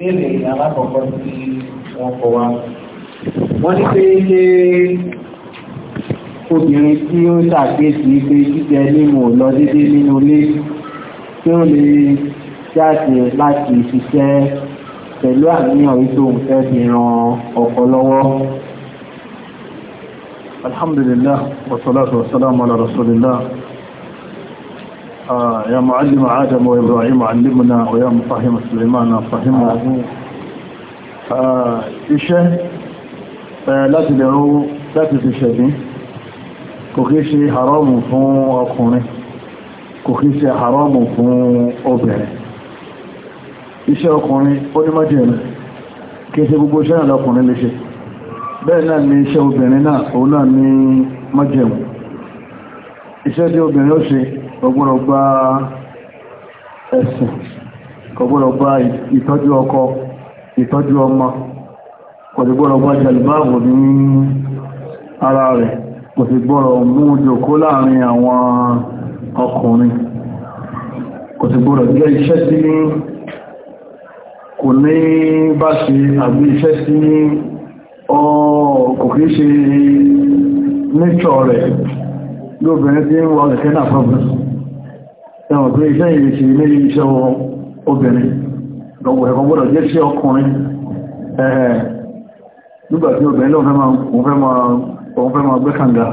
léèrè alákọ̀ọ́kọ́ tí wọ́n kọ wá wọ́n ní pé ṣe obìnrin tí ó ṣàkíyèsí pé jíjẹ mímu lọ dédé nínú ilé tí ó lè jáde láti ṣiṣẹ́ pẹ̀lú àníyàn ètò òǹfẹ́ fi ran ọkọ lọ́wọ́ alhamdulillah wa salatu wa salamu ala rasulillah يا معلم آدم وإبراهيم علمنا ويا مفهم سليمان فهمنا iṣẹ́ láti lè rú láti fi ṣẹ̀bí kò kí ṣe haramu fún ọkùnrin kò kí ṣe haramu fún obìnrin iṣẹ́ ọkùnrin ó ní májèmẹ̀ kí ṣe gbogbo iṣẹ́ ọkùnrin lè ṣe bẹ́ẹ̀ náà ni iṣẹ́ obìnrin náà òun náà ní májèmẹ̀ iṣẹ́ tí obìnrin ó ṣe ọgbọ́dọ̀ gba ẹ̀sìn kọgbọ́dọ̀ gba ìtọ́jú ọkọ ìtọ́jú ọmọ kọ̀dùgbọ́dọ̀ gba jẹ̀lúbáàbò ní ara rẹ̀ kò sì gbọ́dọ̀ mú jòkó láàrin àwọn ọkùnrin kò sì gbọ́dọ̀ jẹ́ iṣẹ́ sí kò ní bá ṣe àbí iṣẹ́ sí kò kìí ṣe nature lóbìnrin tí ń wọ́n kẹ́kẹ́ náà problem ẹwọ̀n pé iṣẹ́ ìrìnṣì méjì iṣẹ́ obìnrin lọ́wọ́ ẹ̀kọ́ gbọ́dọ̀ jẹ́ iṣẹ́ ọkùnrin ẹ̀ẹ̀ nígbàtí obìnrin lọ́wọ́ fẹ́ máa gbé kànga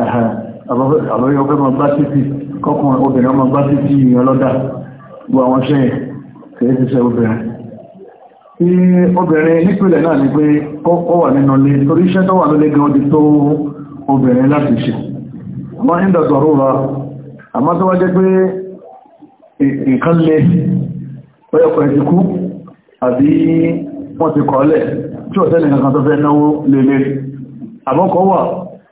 ẹ̀ẹ̀ àlọ́yọ́ fẹ́ máa gbá títì kọkùnrin obìnrin ọmọ gbá títì ọlọ́dà gbọ́ àwọn iṣẹ́ kìí obere àmọ́ tó wá jẹ́ pé nǹkan lè ọyọ̀pọ̀ ẹ̀sì kú àbí wọ́n ti kọ́ọ̀lẹ̀ tí ọ̀tẹ́ lè kankan tó fẹ́ náwó lélé àmọ́kọ́ wà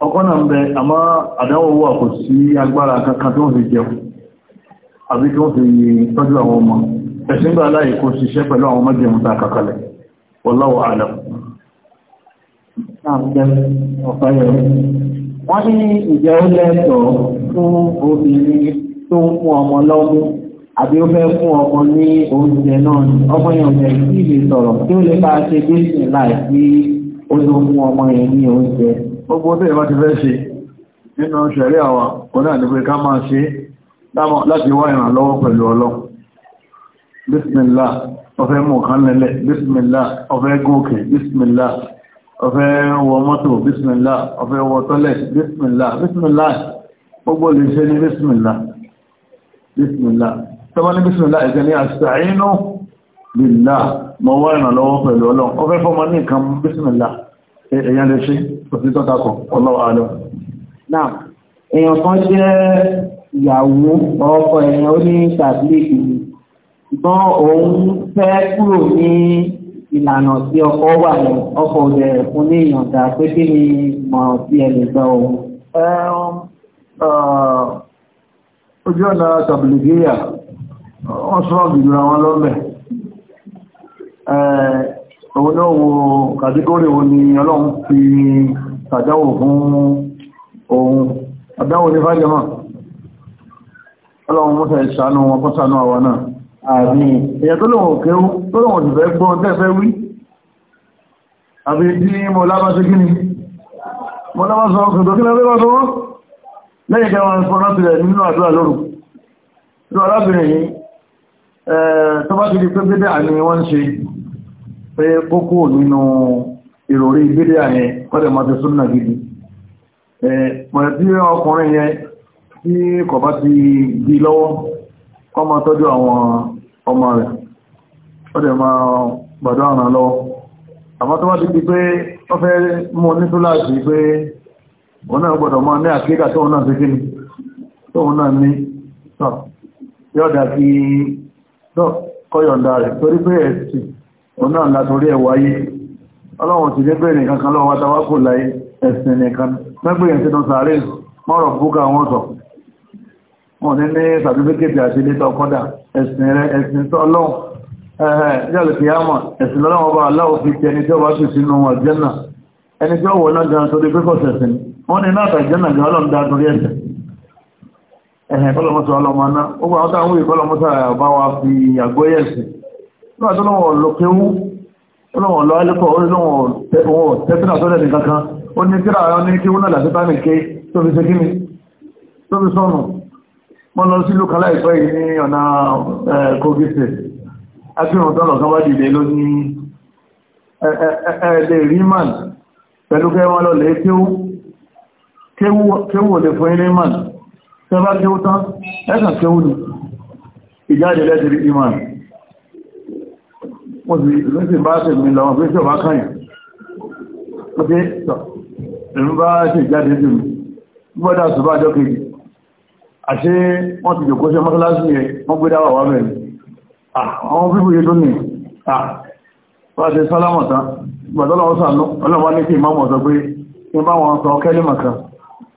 ọkọ́ náà ń bẹ àmọ́ àdánwò wà kò sí agbára kankan tí wọ́n fi jẹun àbí tí wọ́n fi tọ́jú àwọn ọmọ ẹ̀sìn gbà láì kó ṣiṣẹ́ pẹ̀lú àwọn mọ́jẹun ta kàkalẹ̀ wallahu a'lam wọ́n ní ìjẹ́ ó lẹ́tọ̀ọ́ fún obìnrin tó ń fún ọmọ lọ́mú àbí ó fẹ́ fún ọmọ ní oúnjẹ náà ni ọmọ yẹn ọ̀jẹ̀ kí lè sọ̀rọ̀ tí ó lè bá a ṣe gbèsè láìsí olóhùn ọmọ yẹn ní oúnjẹ. gbogbo tó ìwọ́n ti fẹ́ ṣe nínú ṣẹ̀rí àwa kò náà ní pé ká máa ṣe láti wá ìrànlọ́wọ́ pẹ̀lú ọlọ́ ọfẹ́ wọ mọ́tò bísmìlá ọfẹ́ wọ tọ́lẹ̀ bísmìlá bísmìlá gbogbo lè ṣe ní bísmìlá bísmìlá tọ́bá ní bísmìlá ẹ̀gẹ́ ní àṣàínú bílá mọ́ wá ìrànlọ́wọ́ pẹ̀lú ọlọ́run ó fẹ́ fọ́mọ ní nǹkan bísmìlá èèyàn lè ṣe òsì tọ́takọ̀ ọlọ́wọ́ àlọ́ náà èèyàn kan jẹ́ ìyàwó ọkọ èèyàn ó ní tàbílẹ̀kì ṣùgbọ́n òun fẹ́ kúrò ní ìlànà tí ọkọ wà ní ọkọ rẹ̀ fún ní ìyànda pé kí ni mọ̀ sí ẹlẹ́gbẹ́ òun Ah, ojú ọ̀nà tàbílìgíyà wọ́n sọ́rọ̀ gbìyànjú àwọn lọ́mẹ̀ eh, òun náà wo kàtíkórì wo ni ọlọ́run fi tàjáwò fún ohun àdáwò ní fàjọmọ̀ ọlọ́run mọ́sẹ̀ ìṣànú wọn kọ́ sànú àwọn náà àmì èyàn tó lòun òkè tó lòun òjìfẹ́ gbọ́ tẹ́fẹ́ wí àbí tí mo lábá sí kí ni mo lábá sọ ọkùnrin tó kí lọ lẹ́yìn kẹwàá fọ́nàpìlẹ̀ nínú àdúrà lóru ló arábìnrin yìí tó bá ti di pé bídẹ̀ àní wọ́n ṣe pé kókó nínú ìròrí bídẹ̀ àní kọ́dẹ̀ máa ti súnnà gidi mọ̀rẹ̀ tí ọkùnrin yẹn tí kò bá ti di lọ́wọ́ kọ́ máa tọ́jú àwọn ọmọ rẹ̀ kọ́dẹ̀ máa gbàdọ́ àrùn àmọ́ tó bá ti di pé ọ fẹ́ mú pé wọn náà gbọ́dọ̀ mọ́ ní àkíkà tóun náà fífí ní tóun náà ní tọ́ yọ́dá kí tọ́ kọ́yọ̀ndà rẹ̀ torí pé ẹ̀sì òun náà látorí ẹ̀wà ayé ọlọ́run ti débẹ̀ nìkan kan lọ́wọ́ tawákò láyé ẹ̀sìn nìkan mẹ́gbẹ̀yàn sínú sàárè mọ́rọ̀ búkà wọn sọ wọn ní ní sàtífíkètì àti ilé tọkọ́dà ẹ̀sìn rẹ̀ ẹ̀sìn tọ́ ọlọ́run ẹ̀ẹ́dẹ́gbẹ̀lẹ̀ kìyàmọ̀ ẹ̀sìn lọ́lọ́wọ́ bá aláwọ̀ fi tẹni tí ó bá sì sínú àjẹ́nà ẹni tí ó wọ̀ náà gan torí pé kọ̀sẹ̀sìn wọ́n ní náà tàìjẹ́nà ní ọlọ́run dáadọ́rí ẹ̀sẹ̀ ẹ̀hẹ̀ kọlọmọ́sọ ọlọ́mọ́ná ó bá ọdá àwọn ìkọlọmọ́sọ àbá wa fi àgbóyẹ̀ sí náà tó lọ́wọ́ lókéwú ọlọ́wọ́ lọ alẹ́kọ̀ọ́ olóòwò tẹ́tínà tó lẹ́ni kankan ó ní kíra àwọn ní kíwú náà láti tánì ké tó fi segí mi tó fi sọnù mọ́ lọ sí lókà láìpẹ́ yìí ní ọ̀nà Kogi State akíwọn tó lọ kan bá dìde ló ní ẹ̀ẹ́dẹ̀ ríman pẹ̀lú kẹ́ wọn lọ lè kíwú kéwò lè fún ilé ìmàn tẹ́ bá kéwò tán ẹ́kàn kéwò ní ìjáde lẹ́tìrí ìmàn wọ́n sì lẹ́sìn bá tẹ̀ mi lọ́wọ́ pé sọ́bá kányà ó dé ẹ̀rùn bá ṣe ìjáde jù mí gbọ́dá sọ́bá jọ kejì àṣé wọ́n ti jòkó sí mọ́sálásí yẹ wọ́n gbé dáwà wà mẹ́rin àwọn fífò yẹ lónìí wọ́n ti sálámọ̀tán gbàdọ́lọ́wọ́sàn ọlọ́wọ́ ní kí ìmọ́mọ̀ sọ pé ní bá wọn sọ kẹ́lẹ́mọ̀ kan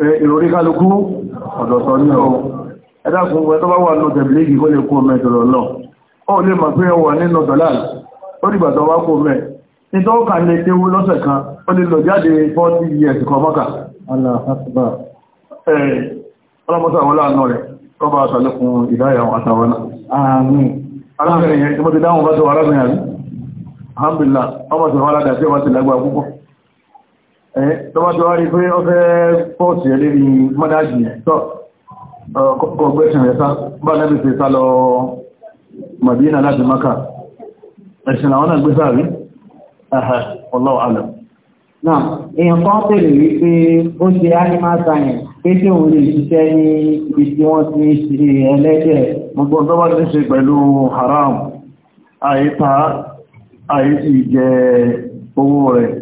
ìròrí kálukú ọ̀dọ̀tọ̀ ní ọ ẹ̀dàkùn ẹ̀ tó bá wà ní tẹ̀bílégì kó lè kó mẹ́ tọ̀rọ̀ lọ ó lè mọ̀ pé ọwà nínú dọ̀láàlì ó dìgbà tó wá kó mẹ́ nítọ́ kà ní kéwú lọ́sẹ̀ kan ó lè lọ jáde 40 years kan mọ́kà ọlọ́mọ́sà wọn láàánú rẹ̀ tó bá sàlékún ìdáyà àtàwọn náà Eh, tọ́bátọ́ wá rí pé ó fẹ́ pọ́ọ̀tì ẹ̀ lérí mọ́dájì tọ́ ọgbẹ́sìn rẹ̀ bá Madina láti Maka ẹ̀sìn àwọn àgbé sáàrí Allahu a'lam náà èèyàn kan pèrè wípé ó ṣe animal science pé tí òun lè ṣiṣẹ́ ní ibi tí wọ́n ti ṣe ẹlẹ́dẹ̀ gbogbo tó bá ti ṣe pẹ̀lú haram àìta àìsí jẹ owó rẹ̀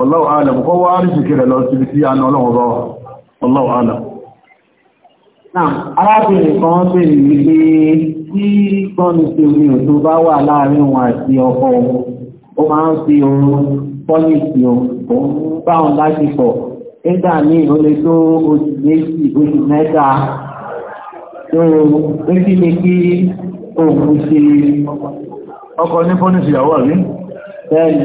Allahu alam kọ́ wá rí ṣùkẹ́rẹ̀ lọ síbi tí a ná ọlọ́run bá wà Allahu alam náà arábìnrin kan bèèrè wípé tí gbọ́nù tí omi òtó bá wà láàrin òun àti ọkọ òun ó máa ń fi oorun pọ́lìsì òun bá òun láti pọ̀ nígbà míì ó lè tó oṣù méjì oṣù mẹ́ta tó ó sì lè kí òun ṣe ọkọ ní pọ́lìsì ìyàwó àrí bẹ́ẹ̀ni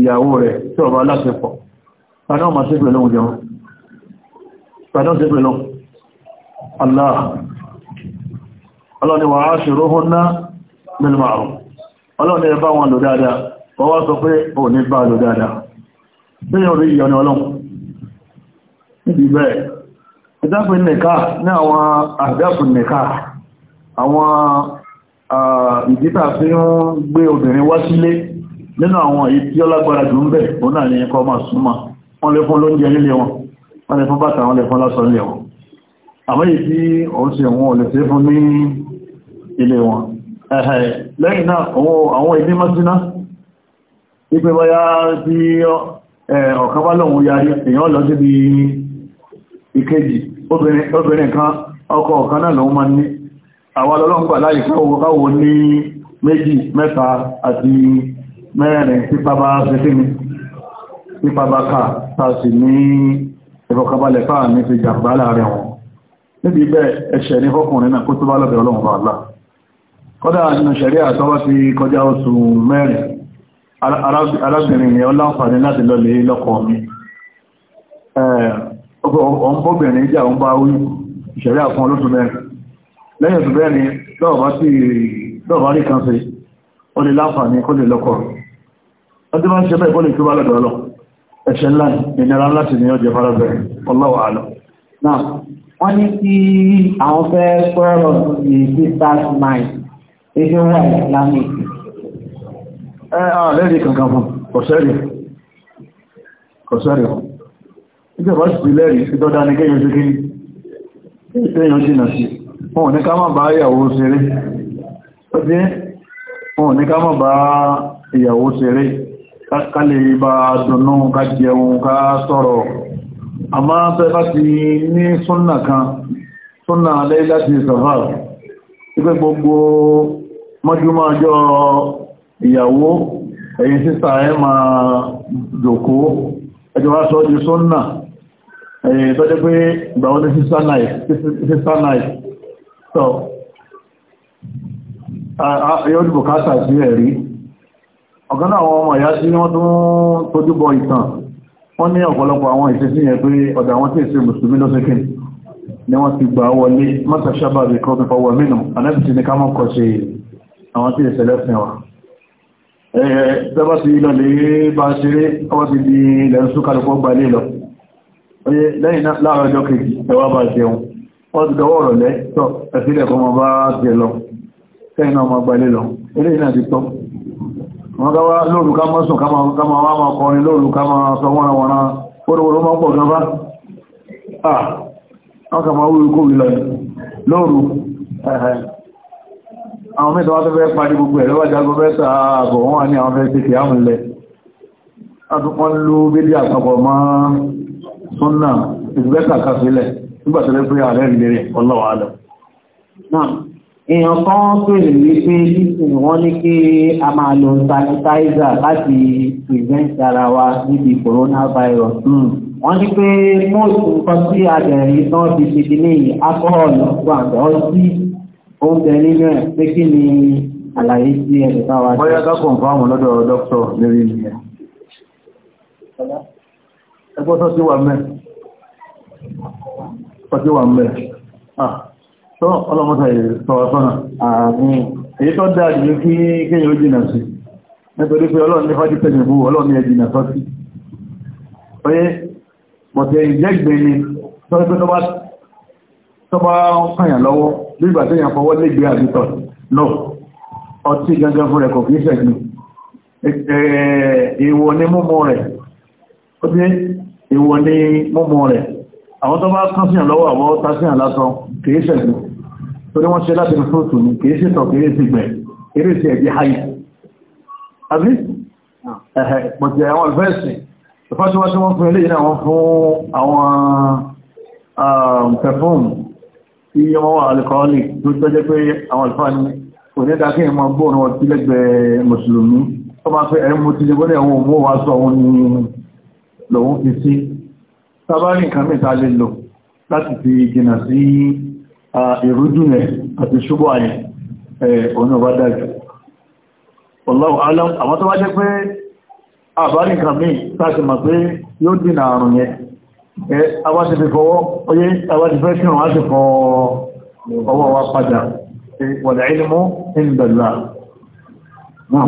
ìyàwó rẹ̀ tí ọba aláṣepọ̀ tàná ma ṣe pẹ̀lú òjò tàná ṣe pẹ̀lú Allah Allah ni wà á ṣe róhún ná mẹ́lú márùn Allah ni ẹbá wọn lò dáadáa wọ́n wá sọ pé ò ní bá lò dáadáa tí yóò rí ìyọni gbé obìnrin wá sílé nínú àwọn èyí tí ó lágbára jù ń bẹ̀ òun náà ní ẹkọ́ máa súnmọ́ wọ́n lè fún lóúnjẹ nílé wọn wọ́n lè fún bàtà wọ́n lè fún lásọ nílé wọn àmọ́ èyí tí òun sì wọn ò lè fẹ́ fún ní ilé wọn ẹ̀hẹ̀ lẹ́yìn náà àwọn ìdí mọ́síná wípé báyá tí ọ̀kan àwọn ọlọ́gbà mẹ́ta àti mẹ́rin pípa bá ṣe fí mi pípa bá ká tàṣì ní ìfọ̀kàbalẹ̀ fáà ní ti jàmbá láàrin wọn níbi bẹ́ẹ̀ ẹ̀ṣẹ̀ ní fọ́kùnrin náà kó tó bá lọ́bẹ̀ ọlọ́run bá ni ọláǹfààní láti lọlé lọ́kọ mi ọ̀nbọ́bìnrin jà ń bá wí ìṣẹ̀rí àfún olóṣù mẹ́rin lẹ́yìn oṣù mẹ́rin lọ́ọ̀bá rí kan sí ó lè láǹfààní kó lè lọ́kọ ọdún máa ń ṣe bẹ́ẹ̀ bọ́lẹ̀ ìkúbá lọ́dọ̀ ọlọ́ ẹ̀ṣẹ̀ ńlá ìnira láti ní ọjọ́ fara bẹ̀rẹ̀ ọlọ́wọ̀ àlọ́ náà wọ́n ní kí àwọn fẹ́ sọ̀rọ̀ ní sisters mind ebi wà islamic ẹ ọ lẹ́rìí kankan fún kọ̀sẹ́rì kọ̀sẹ́rì ọ̀ nígbà bá sì lẹ́rìí sí jìnà sí wọn ò ní ká má bá ìyàwó ṣeré ó dé wọn ò ní ká má bá ìyàwó ṣeré ka bá dùnnú ka jẹun ka sọ̀rọ̀ ama fẹ́ bá ti ní súnnà kan súnnà alẹ́ ti safar ipé gbogbo mọ́júmọ́ ìyàwó ẹ̀yìn sísà ẹ ma jòkó ẹjọ́ wá sọ́ di ẹ̀yìn tó pé ìgbàwọ́ eri. ọ̀kan náà àwọn ọmọ ìyá tí wọ́n tún tójúbọ ìtàn wọ́n ní ọ̀pọ̀lọpọ̀ àwọn ìṣesí yẹn pé ọ̀dọ̀ àwọn tí èsè mùsùlùmí lọ́sẹ̀kì ni wọ́n ti gbà wọlé mọ́ta sábà bí kọ́ fífọ́ wọ mínú anábìsí ni ká mọ́ kọ́ sí àwọn tí èsè lẹ́sìn wa tẹ́bá ti lọlẹ̀ bá ṣeré ọwọ́ ti di ilẹ̀ ń súnkàlùkọ́ gbà lè lọ lẹ́yìn láàrọ̀ ọjọ́ kejì ẹwà bá jẹun wọ́n ti dọwọ́ ọ̀rọ̀ lẹ́ tọ́ ẹ̀sílẹ̀ kọ́ mọ bá wọ́n bá wá lóòrù ká mọ́ sùn ká máa wá máa kọrin lóòrù ká máa sọ wọ́n àwọn ọ̀rán oríwòrò máa pọ̀ gan bá àwọn kà máa wúrú kó wílọ lóòrù àwọn mẹ́ta wá tó fẹ́ parí gbogbo ẹ̀rọ wájá gbogbo ẹ̀ta ààbọ̀ wọ́n wà ní àwọn fẹ́ sí kìí àmì ilẹ̀ àtúkọ́ ló bílí àpapọ̀ èèyàn kan pèrè wípé nísìn wọ́n ní kí a máa lo sanitizer láti prevent ara wa níbi coronavirus hmm. wọ́n ní pé most nǹkan tí àgbẹ̀rin náà ti ṣe ti ní alcohol wà lọ́sí oúnjẹ nínú ẹ̀ pé kí ni àlàyé sí ẹ̀rẹ̀ táwa ṣe. bóyá kákùn fáwọn lọ́dọ̀ dókítọ̀ lórí ìyẹn. ẹgbọ́n tó ti wà mẹ́ tó ọlọ́mọ́ta ìtọ̀wọ̀sọ́nà èyí tó dáa jù kí kéyàn ó jìnà sí nítorí pé ọlọ́run ní fájú pẹ̀lú ìbú ọlọ́run ní ẹjìnà sọ́sí oye pọ̀tẹ̀ ìjẹ́gbẹ̀ ni sọ́rọ̀ pé tó bá kàyàn lọ́wọ́ bí ìgbà tẹ́yàn fọwọ́ légbé no ọtí gangan fún rẹ̀ ni múmọ̀ rẹ̀ ó dé ìwọ̀ ni múmọ̀ rẹ̀ àwọn tó bá kán síyàn lọ́wọ́ àwọn torí wọ́n ṣe láti rúfúrútù ní kìí ṣe tọ̀kì eré ìgbẹ̀ eré ìṣẹ́ ẹ̀bí hayi àbí ẹ̀hẹ̀ pọ̀tẹ̀ àwọn ìfẹ́ẹ̀sì ìfásíwá tí wọ́n fún ilé ìrìnà wọn fún àwọn um, pẹ̀fún tí wọ́n wà alìkọ́ọ̀lì tó tọ́jẹ́ pé àwọn alìfáàní onídàkí ìmọ̀ gbóòrùn wọn tí lẹ́gbẹ̀ẹ́ mùsùlùmí tó máa fẹ́ ẹ̀mú ti lébọ́lé àwọn òmú sọ òun ni lòun fi sí sábárì nǹkan mìta lè lò láti fi jìnà sí ìrújúnẹ̀ àti ṣúgbọ́ àyẹ̀ òun náà bá dájú. Wallahu alam àwọn tó wá jẹ́ pé àbárí nǹkan mí sáàtì mọ̀ pé yóò dínà àrùn yẹn àwa ti fi fọwọ́ oyé àwa ti fẹ́ kí wọ́n á ti fọ ọwọ́ wa padà wal ilmu indallah náà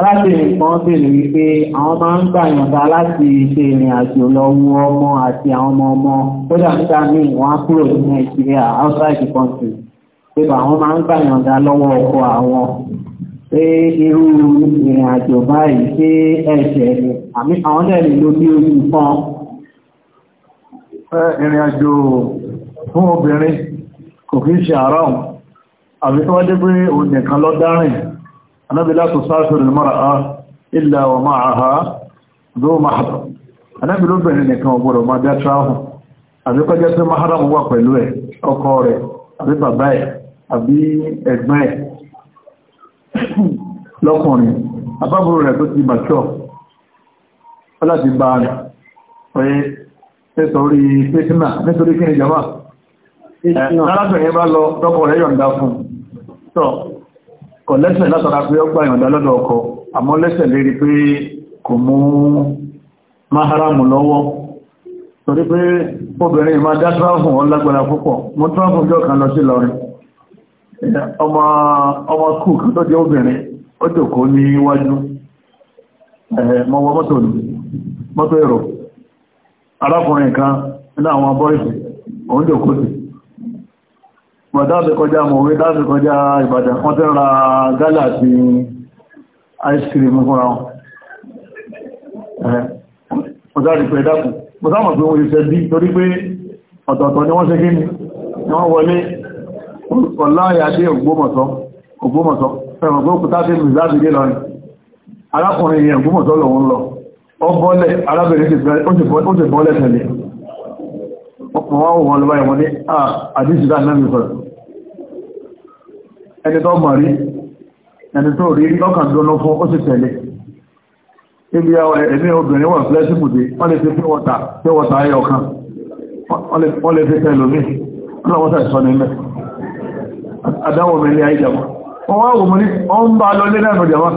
alábìnrin kan bèèrè wípé àwọn máa ń gbà yọ̀ǹda láti ṣe ìrìn àjò lọ wo ọmọ àti àwọn ọmọ ọmọ kódà nígbà míì wọ́n á kúrò ní nàìjíríà outside the country pé àwọn máa ń gbà yọ̀ǹda lọ́wọ́ ọkọ àwọn pé irú ìrìn àjò báyìí ṣé ẹ̀ṣẹ̀ ni àmì àwọn dẹ̀ ló bí ojú kan. ìrìn àjò fún obìnrin kò kí ń ṣe àárọ̀ àbí tí wọ́n dé pé òun nìkan lọ dárìn anábi látò sáfẹ́rẹ̀ mara ilẹ̀ wa máa ha zó mahara anábi lóbìnrin nìkan ọgbọ̀rọ̀ ma já tráhùn àbí kọjá sí mahara wà pẹ̀lú ẹ̀ ọkọ rẹ̀ àbí bàbá ẹ̀ àbí ẹ̀gbọ́n ẹ̀ lọ́kùnrin àbábúrò rẹ̀ tó ti bàtọ́ láti bá rẹ̀ pẹ̀lú nítorí pẹ́sìnà nítorí kí ni jama arábìnrin bá lọ tọ́kọ̀ rẹ̀ yọ̀ǹda fún tọ́ kò lẹ́sẹ̀ látara pé ọgbà ìyọ̀ndà lọ́dọ̀ ọkọ àmọ́ lẹ́sẹ̀ lérí pé kò mú máhàrámù lọ́wọ́ torí pé obìnrin ma dá tráfùn wọn lágbára púpọ̀ mú tráfùn jọ kan lọ sí lọrin ọmọ kú tó jẹ́ obìnrin ó jòkó ní mọ́wọ́ mọ́tò arákùnrin kan àwọn bọ́ìsì òun jòkó sí bọ̀dáàbẹ̀ kọjá mọ̀wé dáàbẹ̀ kọjá ìbàdàn wọ́n tẹ́ ra gálà àti ice cream fúnra wọn ọ̀dáàrí pẹ̀ dákùn bọ̀dáàmọ̀ pé wọ́n yíṣẹ́ bí torí pé ọ̀tọ̀ọ̀tọ̀ ni wọ́n ṣe kí ni wọ́n wọlé ọláyàdé Ògbómọ̀ṣọ́ wọ́n wọ́n lọ báyìí ní àdíjìdá lẹ́mì sọ̀rọ̀ ẹni tó mọ̀ rí ẹni tó rí lọ́kàn fún ó sì tẹ̀lé ibi ẹ̀mí obìnrin wọ̀n flẹ́sìmùdé wọ́n lè fi pé wọ́ta pé wọ́ta ayé ọ̀kan wọ́n lè fi tẹ̀lò ọlọ́wọ́ta ìsọ ilẹ̀ wọ́n wá ní bá lọ lé wá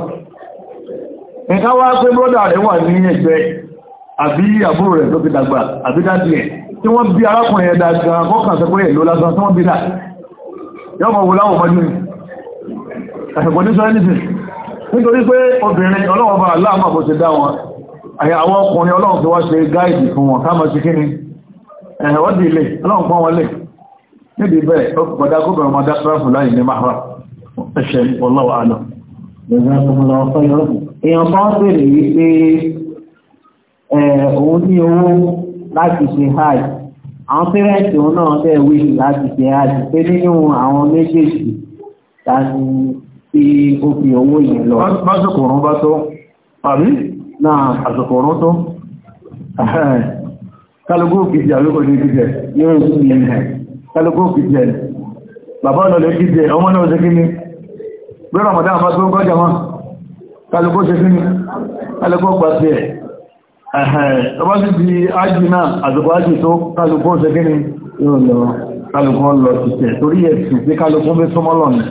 pé bọ́dà rẹ̀ wà ní ẹgbẹ́ àbí àbúrò rẹ̀ tó fi dàgbà tí wọ́n bí arákùnrin ẹ̀dà gan mọ́kàn sọ pé èlò lásán tí wọ́n bí náà yọ́ mọ̀ wòláwò mọ́jú ẹ̀sẹ̀kọ́ ní sọ́rọ̀ nìsìn nítorí pé obìnrin ọlọ́wọ́ bá aláàmà bó ti dá wọn àyà àwọn ọkùnrin ọlọ́run ti wá ṣe gáìdì fún wọn káàmà sí kíni ẹ̀wọ́dì ilé ọlọ́run pọ́n wọlé níbi bẹ́ẹ̀ ọkùnrin gómìnà ọmọdé sáfù láì ní máa ẹ̀ṣẹ̀ ọlọ́wọ́ àná èèyàn kan bèèrè wípé òun ní owó láti ṣe hajj àwọn pẹ́rẹ́ǹtì òun náà bẹ́ẹ̀ wíṣì láti ṣe hajj pé nínú àwọn méjèèjì ta ni tí ó fi owó yẹn lọ. básòkò òun bá tó àbí náà àsòkò òun tó kálukú kìí àlúkò ní kìí yóò sí ilẹ̀ kálukú kìí bàbá ọlọ́lẹ̀ kìí ọmọ náà ṣe kíní bí ramadan bá tó ń kọjá wọn kálukú ṣe kíní kálukú gbà sí ẹ̀ ọba sí di ájì náà àzùkọ́ ájì tó kálùkọ́ ṣe gẹ́ni yóò lọ kálùkọ́ lọ títẹ̀ torí ẹ̀sùn pé kálùkọ́ fẹ́ súnmọ́ lọ́nà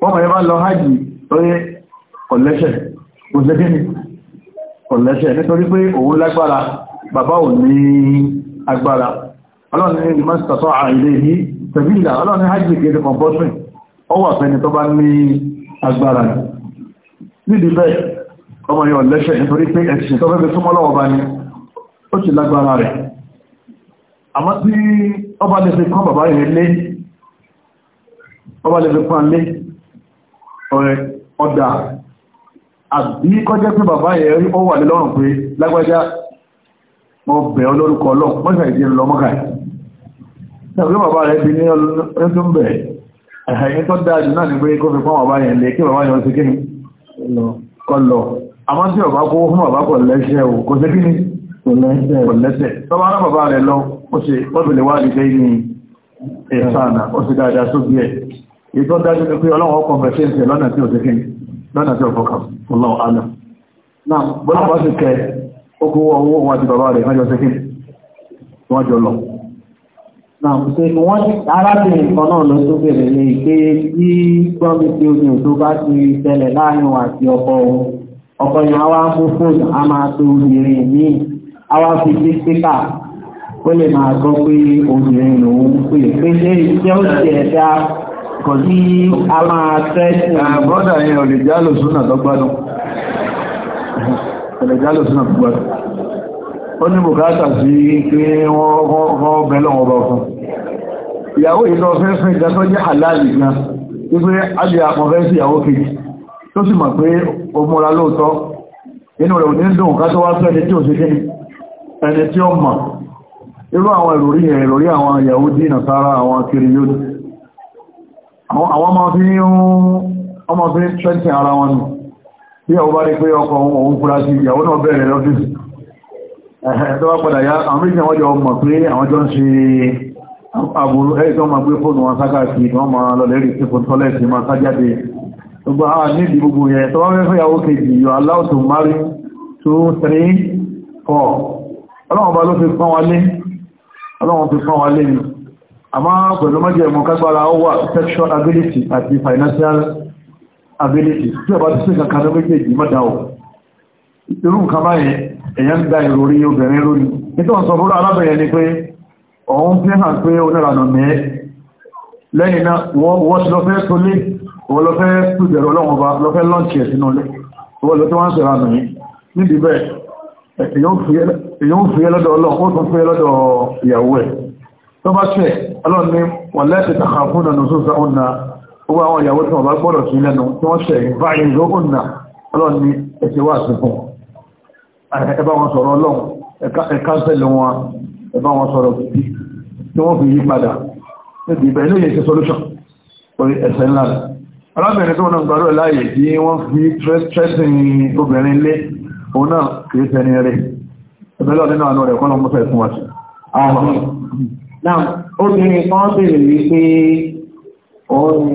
wọ́n mọ̀ ẹbá lọ ájì orí kọ̀lẹ́ṣẹ̀ kò ṣe gẹ́ni kọ̀lẹ́ṣẹ̀ nítorí pé òun lágbára bàbá ò ní agbára ọlọ́run ni ọmọ yọ lẹ́ṣẹ̀ nítorí pé ẹ̀ṣẹ̀ tó fẹ́ súnmọ́ lọ́wọ́ bá ní ó ti lágbára rẹ̀ àmọ́ tí ọba lè fi kọ́ bàbá rẹ̀ lé ọba lè fi kọ́ lé ọ̀rẹ́ ọ̀dà àbí kọjẹ́ pé bàbá yẹ rí ó wà lé lọ́rùn pé lágbájá mo bẹ̀ ọ́ lórúkọ ọlọ́run mọ́ṣà ìdí ń lọ mọ́kà ẹ̀rọ bàbá rẹ̀ bí ní ọdún bẹ̀ ẹ̀hẹ̀yìn tó dáa jù àmọ́ tí ọba kó fún bàbá kò lẹ́ṣẹ̀ o kò sí kí ni kò lẹ́ṣẹ̀ tọ́bá rán bàbá rẹ̀ lọ ó ṣe ọdúnlẹ̀ wà lè dẹ́yìn ẹ̀sánà ó sì dáadáa sóbi ẹ̀ ètò dájú ní pé ọlọ́run ọkọ̀ fẹ̀ṣẹ̀ǹsẹ̀ lọ́nà tí ó ṣe kí ni lọ́nà tí ọkọ̀ kan ọlọ́run àná náà bọ́lá bá ti kẹ ó kó owó wọn àti bàbá rẹ̀ wọ́n jọ ṣe kí ni wọ́n jọ lọ. náà ṣe wọ́n arábìnrin kan náà lọ sókè rẹ̀ lè pé bí gbọ́n mi ti omi ò tó bá ti ṣẹlẹ̀ láàrin òun àti ọkọ òun ọ̀pọ̀ yẹn a wá mú fóònù a máa pe obìnrin míì a wá fi sí síkà ó lè máa gbọ́ pé obìnrin lòun pè pé ṣé iṣẹ́ ó ẹ̀dá kò sí a máa tẹ́sí. bọ́dà yẹn ò lè jálò súnà tó gbádùn ò lè jálò súnà tó gbádùn ó ní bùkátà sí pé wọ́n bẹ lọ́wọ́ bá fún ìyàwó yìí lọ fẹ́ fún ìdájọ́ jẹ́ àlàálì gan wípé a lè àpọ̀fẹ́ sí ìyàwó kejì tó sì mọ̀ pé o múra lóòtọ́ inú rẹ̀ ò ní dùn ká tó wá fẹ́ ẹni tí ò sí kíni ẹni tí ó mọ̀ irú àwọn ìròrí yẹn ìròrí àwọn Yahudi Nasara àwọn kiri yóò àwọn ọmọ fi ń ọmọ fi ń tẹ́ntẹ́ ara wọn nù bí ọwọ́ bá rí pé ọkọ̀ òun fúra sí ìyàwó náà bẹ̀rẹ̀ lọ́fíìsì ẹ̀ẹ́ tó wá padà yá àwọn méjì wọ́n jọ mọ̀ pé àwọn jọ ń ṣe àbúrú ẹ̀ tó máa gbé fóònù wọn sákàtì wọ́n máa lọ lẹ́rìí sí fún tọ́lẹ̀tì máa sájáde gbogbo àwọn níbi gbogbo yẹn tó wọ́n fẹ́ yàwó kejì yóò allow to marry two three four ọlọ́wọ́n bá ló fi pán wálé ọlọ́wọ́n fi pán wálé ni àmá pẹ̀lú mọ́jẹ̀ ẹ̀mọ́ kágbára ó wà sexual ability àti financial ability tí ọba tí sí kankan ló méjèèjì mọ́dáwọ̀ irú nǹkan báyìí èyàn ń da ìròrí obìnrin lórí nítorí sọ fúrú alábẹ̀yẹn ni pé òun fi hàn pé onírànà mẹ́ lẹ́yìn náà wọ́n ti lọ fẹ́ tó lé òun lọ fẹ́ pìbẹ̀rẹ̀ ọlọ́run bá lọ fẹ́ lọ́ǹkì ẹ̀ sínú ilẹ̀ owó lọ tí wọ́n ń sẹ̀rọ àmì níbi bẹ́ẹ̀ èyàn ń fi ẹlọ́dọ̀ ọlọ́run ó tún fi ẹlọ́dọ̀ ìyàwó ẹ̀ tó bá ṣẹ̀ ọlọ́run ní wọ́n lẹ́ẹ̀tì tàkà fún ọ̀nà sósà ọ̀nà owó àwọn ìyàwó tí wọ́n bá gbọ́dọ̀ sí lẹ́nu tí wọ́n ṣẹ̀ báyìí ló ńlá rẹ̀ alábẹ̀rẹ̀ tó náà gbàrọ̀ láàyè tí wọ́n fi stressing obìnrin lé òun náà kìí sẹni rẹ̀ ẹgbẹ́lọ́ nínú àánú rẹ̀ kọ́nà mọ́sẹ̀ fún wa sí obìnrin kan bèèrè wípé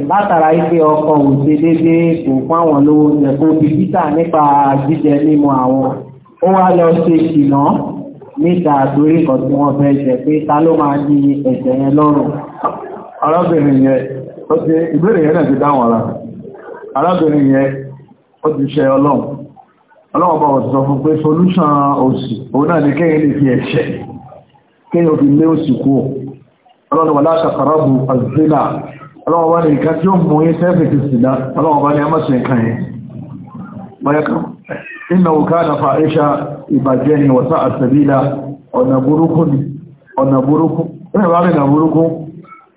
látara ipé ọkọ òṣè dédé kò fáwọn lówó jẹ kó fi títà nípa jíjẹ mímu àwọn ó wá lọ ṣe ìṣìnà níta àtórí kan tí wọ́n fẹ́ jẹ pé ta ló máa di ẹ̀jẹ̀ yẹn lọ́rùn arábìnrin yẹn ó ti ìbéèrè yẹn náà ti dáwọn ara arábìnrin yẹn ó ti ṣe ọlọ́run ọlọ́run bá wọ́n sọ fún pé solúṣàn òsì òun náà ni kéyìn lè fi ẹ̀ṣẹ̀ kéyìn òfin lé òsì kú ọlọ́run wà látàkàràbù àzínà ọlọ́run wá ní ìka tí ó mú yín sẹ́fì ti sì dá ni ọ̀nà burúkú ni ọ̀nà burúkú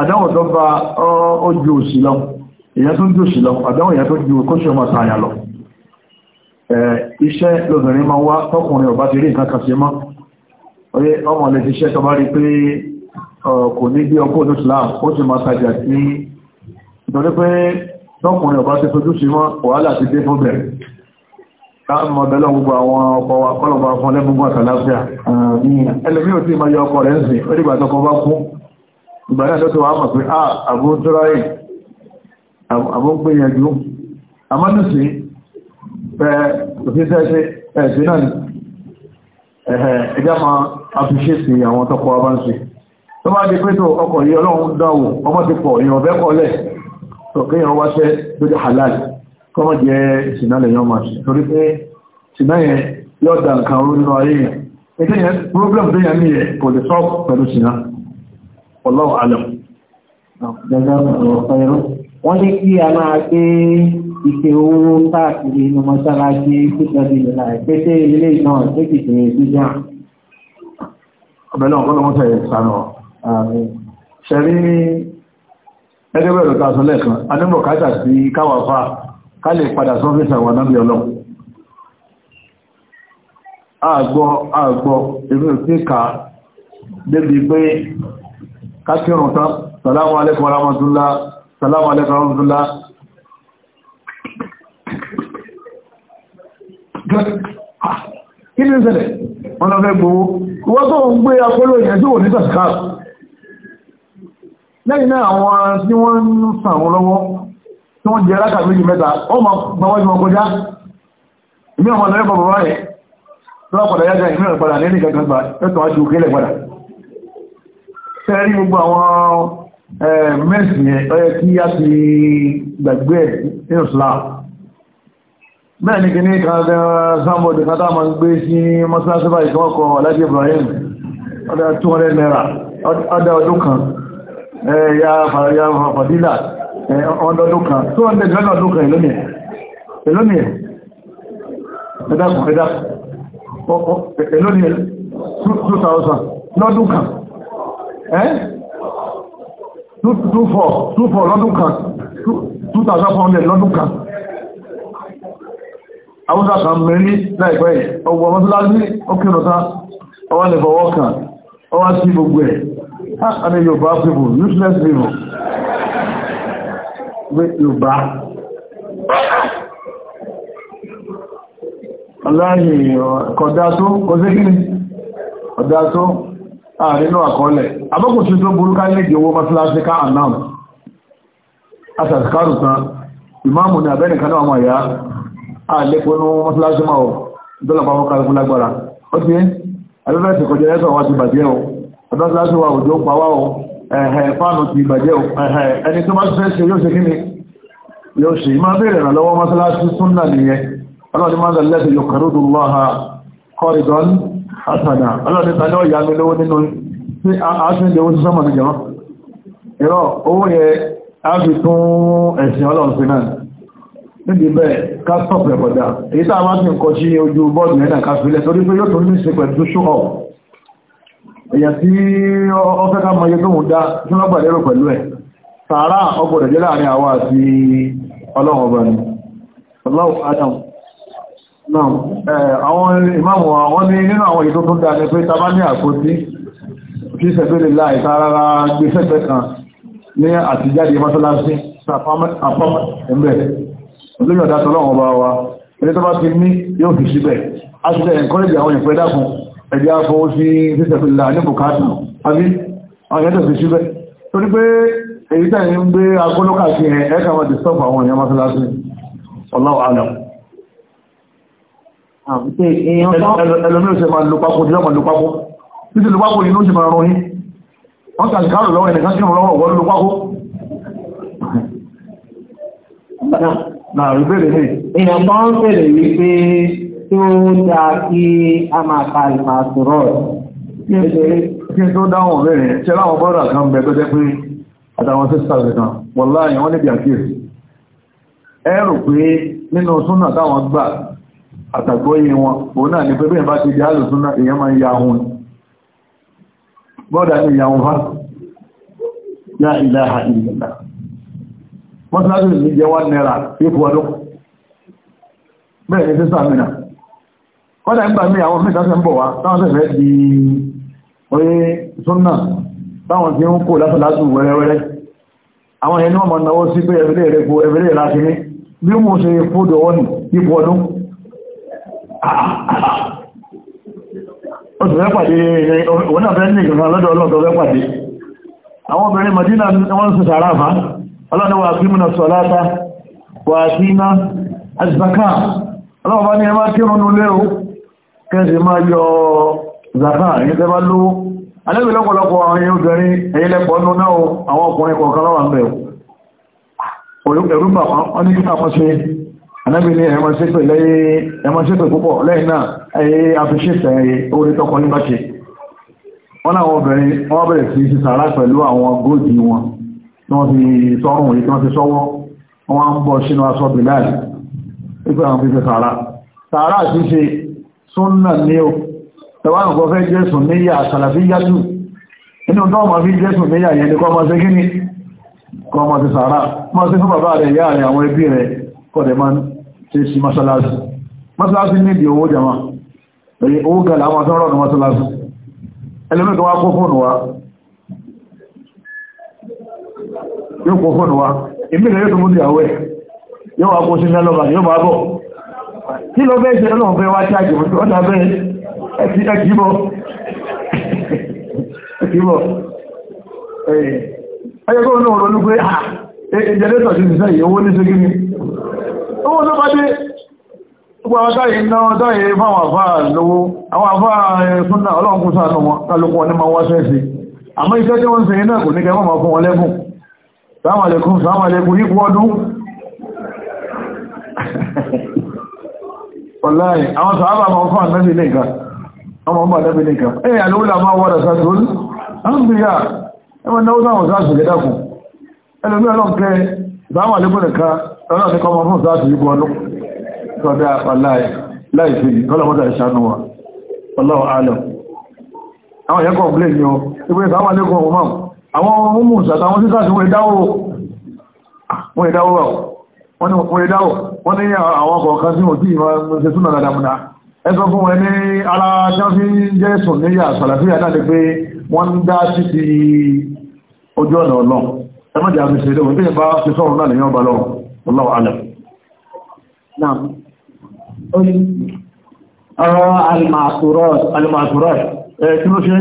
àdáwọn tó bá ó ju òsì lọ èyàn tó ju òsì lọ àdáwọn èyàn tó ju kóṣù ọmọ àtàyà lọ iṣẹ́ lóbìnrin máa wá tọkùnrin ọba ti rí nǹkan kan sí mọ́ oye ọmọ lè ti ṣẹ́ tó bá rí pé kò ní bí ọkọ̀ ní islam ó sì máa tajà sí nítorí pé tọkùnrin ọba ti fojú sí mọ́ wàhálà ti dé fún bẹ̀rẹ̀ káàmọ̀ bẹ̀lọ gbogbo àwọn ọkọ̀ wa kọ́lọ̀bà fún ọlẹ́gbogbo àtàlàfíà ẹlẹ́mí ò tí ma yọ ọkọ̀ rẹ̀ ń ìgbà náà lọ́tọ̀ wà mọ̀ pé à àbó tọ́ráyì àbó gbìyànjú amánúsí òfíṣẹ́ṣẹ́ ẹ̀sìn náà ni ẹjá ma a àwọn tọ́kọ̀ wá bá ń ṣe tó máa di pé tó ọkọ̀ yìí ọlọ́run dáwò ọmọ ti pọ̀ èèyàn ọ̀fẹ́ kọ́lẹ̀ tó kéèyàn wáṣẹ́ tó jẹ́ halal kọ́mọ̀ jẹ́ ìsìnà lẹ́yìn ọmọ àti torí pé ìsìnà yẹn yóò dà nǹkan orú nínú ayé yẹn problem tó yẹn ní yẹn kò lè sọ pẹ̀lú ìsìnà Wallahu alam. Wọ́n ní kí a máa gbé ìṣe owó káàkiri inú mọ́ṣáláṣí fúnjọ́bí ìlà ìpété ilé náà tó ti ṣe ìdíjà. Ọbẹ̀ náà kọ́ lọ́wọ́ tẹ̀ sànà. Ṣẹ̀rí ẹgbẹ́ bẹ̀rẹ̀ ta sọ lẹ́ẹ̀kan, a ní mọ̀ kájà sí káwàfà kákírùn tán salamu alaikum warahmatullah salamu alaikum warahmatullah kí ni ìṣẹ̀lẹ̀ wọn lọ́fẹ́ gbowó wọ́n tó ń gbé akọ́lọ̀ ìyẹn tí wò ní sàkà lẹ́yìn náà àwọn tí wọ́n ń sàn wọn lọ́wọ́ tí wọ́n jẹ́ alákà méjì mẹ́ta wọ́n ma gbọ́wọ́ jùmọ̀ kọjá ìmí ọmọ lọ́yẹ́ bàbá báyẹ̀ tó wà padà yájá ìmí ọ̀padà lẹ́nìkan kan gbà ẹ̀tọ́ wájú kílẹ̀ padà tẹ́rí gbogbo àwọn mẹ́sìn yẹn ọyẹ kí yá ti gbàgbé ẹ̀ ní islam bẹ́ẹ̀ ni kìíní kan sáàmọ̀dé kan táàmà ń gbé sí mọ́sánásíbà ibrahim ọdá 200 ọdún kan ya fàdílà kan 200 ọdún kan 2000 lọ́dún kan 24 eh? lọ́dún kan 2400 lọ́dún kan àwúsá kan mẹ́rin láìpẹ́ ọgbọ̀ ọmọ tó láti ókè lọ́ta ọwá lè fọwọ́ kan ọwá sí gbogbo ẹ̀ ààrẹ Yorùbá people useless people gbé Yorùbá aláàrin kọ̀dá tó kọ́ sí kí ni ọ̀dá tó nínú àkọọ́lẹ̀ abọ́kùnṣe tó burú ká ní ìdíwọ́ masalasi ká annam asàkárù kan ìmáàmù ní abẹ́nìkan náà wọ̀nyá àlékónú mọ́síláṣí máa dọ́lọ̀pàá kálukú lágbára ó ti alẹ́fẹ́sì ẹ́sọ̀ wá ti bàjẹ́ o ọdọ́síláṣí wa òjò pàwá o ti bàjẹ́ o ẹni àtàdà ọlọ́dẹ́ta ní ọ̀yà mi lówó nínú tí a ti ń lè owó sí sọ́mọ̀ níjọ́ ìrọ̀ owó yẹ ábì tún ẹ̀sìn ọlọ́run sí náà níbi bẹ́ẹ̀ kásọ̀p rẹ̀kọ̀dá èyí tàà máa ti nǹkan sí ojú bọ́ọ̀dù ẹ̀nà kásílẹ̀ torí pé yóò tún ní ṣe pẹ̀lú ṣó ọ̀ èyàn tí ọ fẹ́ ká mọye tó ń dá tí wọ́n gbà lérò pẹ̀lú ẹ̀ adam àwọn ìmáàmù wọ́n ní nínú àwọn ètò tó dáadé pé ta bá ní àkótí kí sẹ̀fẹ́lẹ̀ láìta rárá gbé sẹ́fẹ́ kan ní àtijáde mọ́sálásí àpọ́mọ́ ẹ̀mẹ́ olóyìn ọ̀dá tọ́lọ́wọ́n bá wa ẹni tó bá ti ní yóò fi síbẹ̀ a ti tẹ́yẹ̀ kọ́lẹ̀jì àwọn ìpẹ́ dákun ẹ̀dí afọ́ sí sísẹ̀fẹ́lẹ̀ ní bùkátù àbí àwọn ẹ̀dọ̀ fi síbẹ̀ torí pé èyí tẹ́yìn ń gbé agbólókà sí ẹ̀ ẹ̀ẹ́kà wọn ti sọ́pù àwọn èèyàn mọ́sálásí Allahu a'lam Ah, ẹlòmí òṣè máa lopapọ̀ jẹ́ ọmọ lopapọ̀ títí lopapọ̀ inú òṣè máa rọ yí wọ́n tàbí káàrù lọ́wọ́ ẹnìkan sí ọmọ wọ́n lopapọ̀ náà rí bèèrè ní èèyàn tó ń bèèrè wípé tó dá kí a máa ka ìmàsùrọ̀ kí àtàgbóyé wọn òun náà ni pé bẹ́ẹ̀ bá ti di alùsùn náà èèyàn máa ya ohun bọ́ọ̀dá ní ìyàwó bá yá ìlàhà ìlàlá mọ́sánásì ní jẹ́ wá ipò ọdún bẹ́ẹ̀ ni sísà mìíràn kọ́dà ń gbà mí àwọn mẹ́tàṣẹ́ ń bọ̀ wá táwọn tẹ̀fẹ́ di orí súnnà táwọn tí ń kó lásàlásù wẹ́rẹ́wẹ́rẹ́ àwọn ẹni wọ́n mọ̀ náwó sí pé ẹ̀fẹ́lẹ́ rẹ̀ po ẹ̀fẹ́lẹ́ rẹ̀ láti ní bí mo ṣe fódò wọ́n ipò ọdún àwọn obìnrin Madina wọ́n sì sàárà fa ọlọ́ni wà kí múnà sọ̀láta A kí iná azbaka ọlọ́wọ́ bá ní ẹmá kírùnú léò kẹsì máa yọ zaka èyí tẹ́ bá lówó alẹ́bẹ̀ lọ́pọ̀lọpọ̀ àwọn yóò gẹ̀rin ẹ̀yẹ́lẹ́pọ̀ ọdún náà àwọn ọkùnrin kọ̀ọ̀kan lọ́wà ń bẹ̀rù anábì ní ẹ̀mọ́ sípè lẹ́yìn ẹ̀mọ́ sípè púpọ̀ lẹ́yìn náà ẹ̀yẹ afiṣẹ́sẹ̀ ẹ̀yẹ orí tọkọ ní bá ṣe wọ́n láwọn obìnrin wọ́n bẹ̀rẹ̀ sí sísàrá pẹ̀lú àwọn góòdì wọn tí wọ́n fi sọ́rùn èyí tí wọ́n fi sọ́wọ́ wọ́n ń bọ̀ sínú aṣọ bìláàlì wípé àwọn fi fi sàrá sàrá àti ṣe súnnà ní o tẹwàá nǹkan fẹ́ jẹ́sùn níyà àṣàlàfí yájú inú tó ọmọ fi jẹ́sùn níyà yẹn ni kọ́ ọmọ sí kíní kọ́ ọmọ ti sàrá mọ́ sí fún bàbá rẹ̀ ìyá rẹ̀ àwọn ẹbí rẹ̀ kọ́ ṣe sí mọ́sálásí mọ́sálásí ní ìdí owó jama èyí owó gẹ̀lẹ̀ àwọn tó rọrùn mọ́sálásí ẹlẹ́mì tó wá kó fóònù wa yóò kó fóònù wa èmi rẹ̀ yóò tó mú di àwẹ́ yóò wá kó sí mẹ́lọ́bà yóò máa bọ̀ kí lọ bẹ́ẹ̀ ṣe ọlọ́run fẹ́ wá chájì ọ̀dà bẹ́ẹ̀ ẹ̀kí ẹ̀kí bọ̀ ẹ̀kí bọ̀ ẹ̀yẹ kó náà ronú pé ìjẹ́lẹ́tọ̀ ah, ti ṣiṣẹ́ ìyẹ̀wó ní ṣe gíní owó tó bá dé gbogbo àwọn táyìí ná táyìí fáwọn àfáà lówó àwọn àfáà eh, súnà ọlọ́run kún sáà wọn kálukú wọn ní máa wá sẹ́ẹ̀sì àmọ́ iṣẹ́ tí wọ́n ń sẹ́yìn náà kò ní kẹ́ máa fún wọn lẹ́bùn sáwọn àlẹ́kùn sáwọn àlẹ́kùn yípo ọdún ọláì àwọn sàábà máa fún ànábì nìkan ọmọ ọmọ ànábì Tọ́lá ní kọmọ fún ìsáàtì yìí bọ́ọ̀lú, tọ́dá láìsí kọ́lọ̀mọ́ta ìṣànú wa, Allahu a'lam. Àwọn ìyẹ́kọ̀ ọ̀gblé ni ó, ìgbé ìsáwọn alẹ́kọ̀ọ́ ọmọ àwọn ọmọ sísáàtì wọ́n ìdáwó, ojú ọ̀nà ọlọ́run ẹmọ́jà fi ṣe lóòrùn tí ìbá ti sọ́run náà lèyàn ọba lọ́run Wallahu a'lam. Náà, ó ní ọ̀rọ̀ al-ma'thurat, al-ma'thurat, ẹ̀ tí ló ṣe?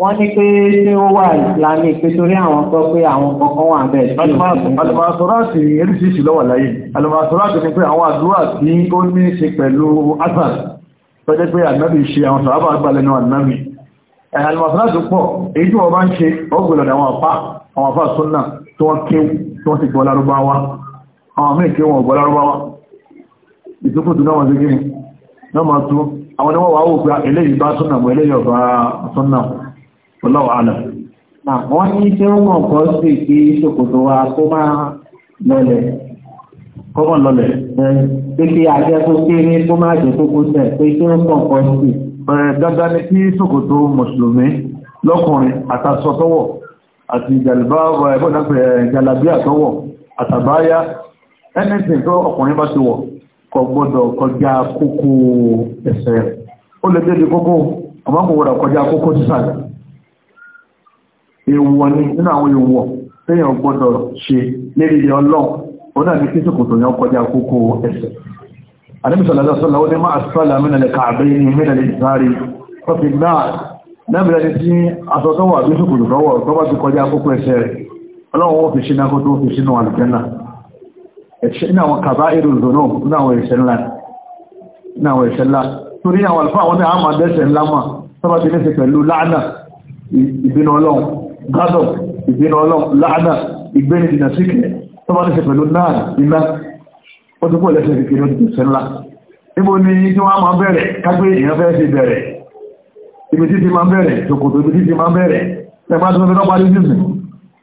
Wọ́n ní pé tí ó wà ìsìlámì pé torí àwọn sọ pé àwọn kọ̀ọ̀kan wà bẹ́ẹ̀. Al-ma'thurat eríṣiríṣi ló wà láyé. Al-ma'thurat ni pé àwọn àdúrà tí ó ní ṣe pẹ̀lú Asad, tọ́jẹ́ pé ànábì ṣe àwọn àwọn mí kí wọn gbọ́ lárúbáwá ìtókùtù náà wọ́n sí gíní náà máa tó àwọn ẹwọ́ wàá wò pé eléyìí bá súnà mọ̀ eléyìí ọ̀bá súnà Allahu a'lam wọ́n ní tí wọ́n mọ̀ kọ́ sí kí ṣòkòtò wa kó máa lọlẹ̀ kó máa lọlẹ̀ pé kí ajẹ́ tó kéré kó máa jẹ́ tó kúnṣẹ̀ pé kí wọ́n kọ́ sí. dandan ni kí ṣòkòtò mùsùlùmí lọ́kùnrin àtàṣọ tọwọ́ àti jàlábíà tọwọ́ àtàbáyá ẹnẹsìn tó ọkùnrin bá ti wọ̀ kò gbọ́dọ̀ kọjá kókó ẹsẹ̀ rẹ̀ ó lè dédé kókó ọmọ kò gbọ́dọ̀ kọjá kókó sísàlẹ̀ èèwọ̀ ni nínú àwọn èèwọ̀ téèyàn gbọ́dọ̀ ṣe lérí ilẹ̀ ọlọ́run òun náà ní kí sòkòtò yẹn kọjá kókó ẹsẹ̀ àdébísọ̀lá sọ́lá ó ní máa sọ́lá mínàlẹ̀ kààbé ní mínàlẹ̀ ìsáre tọ́fì náà lẹ́bẹ̀rẹ̀ tí asọ́tọ́wà bí sòkòtò tọ́wọ̀ tọ́wọ́ ti kọjá kókó ẹsẹ̀ rẹ̀ ọlọ́run ó fi ṣínà kó tó fi sínú àlùjẹ́nà ẹ̀ṣẹ̀ ní àwọn kàbá ìrùn zòrò ní àwọn ẹ̀ṣẹ̀ ńlá ní àwọn ẹ̀ṣẹ̀ ńlá torí àwọn alfa àwọn ní àmà dẹ́ṣẹ̀ ńlá mà sábà ti lẹ́sẹ̀ pẹ̀lú láàánà ìbínú ọlọ́run gádọ̀ ìbínú ọlọ́run láàánà ìgbéni dìnà síkẹ̀ sábà lẹ́sẹ̀ pẹ̀lú náà iná ó ti pọ̀ lẹ́sẹ̀ kékeré ti dẹ̀ṣẹ̀ ńlá níbo ni tí wọ́n máa bẹ̀rẹ̀ kágbé èèyàn fẹ́ ti bẹ̀rẹ̀ ibi títí máa bẹ̀rẹ̀ ṣòkòtò ibi títí máa bẹ̀rẹ̀ ẹgbẹ́ tó ń fi lọ́pàá lójú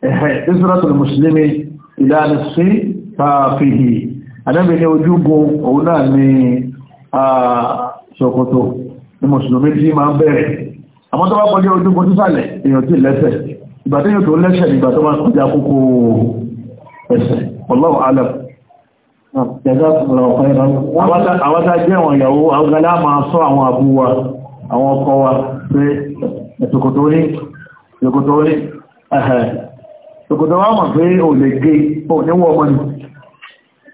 ẹ̀hẹ́ ìsúra tó lè mùsùlùmí ìlànà sí fàáfihì àdábì ní ojúgun òun náà ni ṣòkòtò ní mùsùlùmí tí máa ń bẹ̀rẹ̀ àmọ́ tó bá kọjá ojúgun sísàlẹ̀ èèyàn tí lẹ́sẹ̀ ìgbà tí yóò tó lẹ́sẹ̀ nígbà tó bá kọjá kókó ẹsẹ̀ wallahu alam àwọn tá jẹ́ àwọn ìyàwó agalá máa sọ àwọn àbúwa àwọn ọkọ wa pé ẹ̀tòkòtò ní ẹ̀tòkòtò